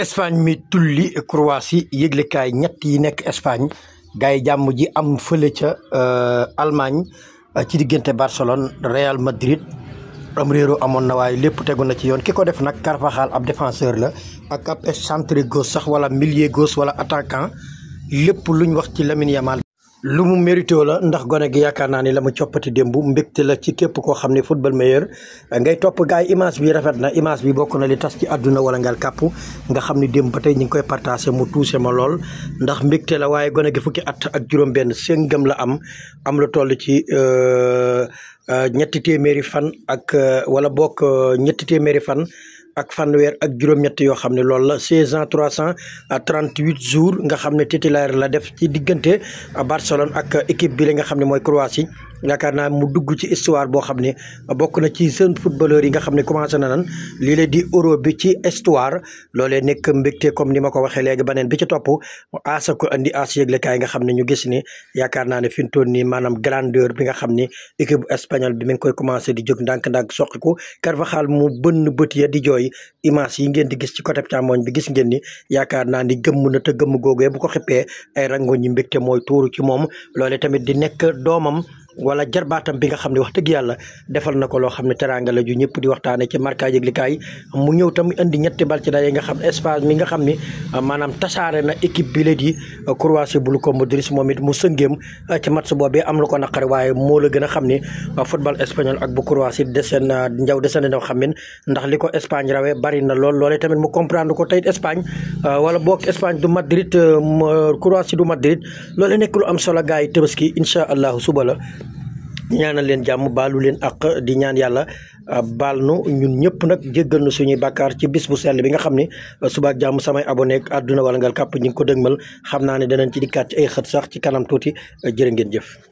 Espagne mi tulli Croatie yëglekaay ñett yi nekk Espagne gars yi jàmm ji am fële ca euh, Allemagne euh, ci diggante Barcelone Real Madrid am réero amoon na waaye lépp tegu na ci yoon ki ko def nag Carvajal ab défenseur la ak ab centre gauche sax wala millier gauche wala attaquant lépp luñ wax ci Lamine lu mu mérité la ndax gone gi yaakaar naa ni la mu coppati démb mbégte la ci képp koo xam ne football meilleur ngay topp gars yi image bi rafet na image bi bokk na li tas ci àdduna wala ngal kàpp nga xam ne démb ba tey ñu ngi koy partagé mu tuuse ma lool ndax mbégte la waaye gone gi fukki at ak juróom benn séngam la am am la toll ci euh, Euh, ñetti téeméeri fan ak euh, wala bokk euh, ñetti téeméeri fan ak fanweer ak juróom-ñett yoo xam ne loolu la seize ans trois cent trente huit jours nga xam ne titulaire la def ci diggante Barcelone ak équipe bi la nga xam ne mooy Croatie yaakaar naa mu dugg ci histoire boo xam ne bokk na ci seen footballeur yi nga xam ne commencé na nan lii di euro bi ci histoire loolee nekk mbégte comme ni ma ko waxee léegi beneen bi ci topp aasa ko andi aas yëglekaay nga xam ne ñu gis ni yaakaar naa ne fi mu toll nii maanaam grandeur bi nga xam ni équipe espagnole bi mi ngi koy commencé di jóg ndànk-ndànk soqiku Carvajal mu bënn bët ya di jooy image yi ngeen di gis ci côté càmmoñ bi gis ngeen ni yaakaar naa ni gëmm na te gëmm bu ko xippee ay rango ñi mbégte mooy tuuru ci moom loolee tamit di nekk doomam wala jarbaatam bi nga xam ne wax dëgg yàlla defal na ko loo xam ne teraanga ju ñëpp di waxtaane ci marka yëglikaay mu ñëw tam indi ñetti bal ci daje nga xam espace mi nga xam ni maanaam tasaare na équipe bi la di uh, Croatie bu Luka moom it mu sëngeem uh, ci match be am lu ko naqari waaye moo la gën a xam ni uh, football espagnol ak bu Croatie deseen njaw deseen na xam ne ndax li ko Espagne rawee bari na lool loole tamit mu comprendre ko tey Espagne wala boog Espagne du Madrid Croatie du Madrid loolee nekk lu am solo gars yi Tabaski incha allah suba la ñaanal leen jàmm baalu leen ak di ñaan yàlla ah, baal nu ñun ñëpp nag jéggal na suñuy bàkkaar ci bis bu sell bi nga xam ne ah, subaak jàmm samay abonné ak àdduna wala ngal kàpp ñi ngi ko dëgmal xam naa ne danañ ci dikkaat ci ay xët sax ci kanam tuuti ah, jërë ngeen jëf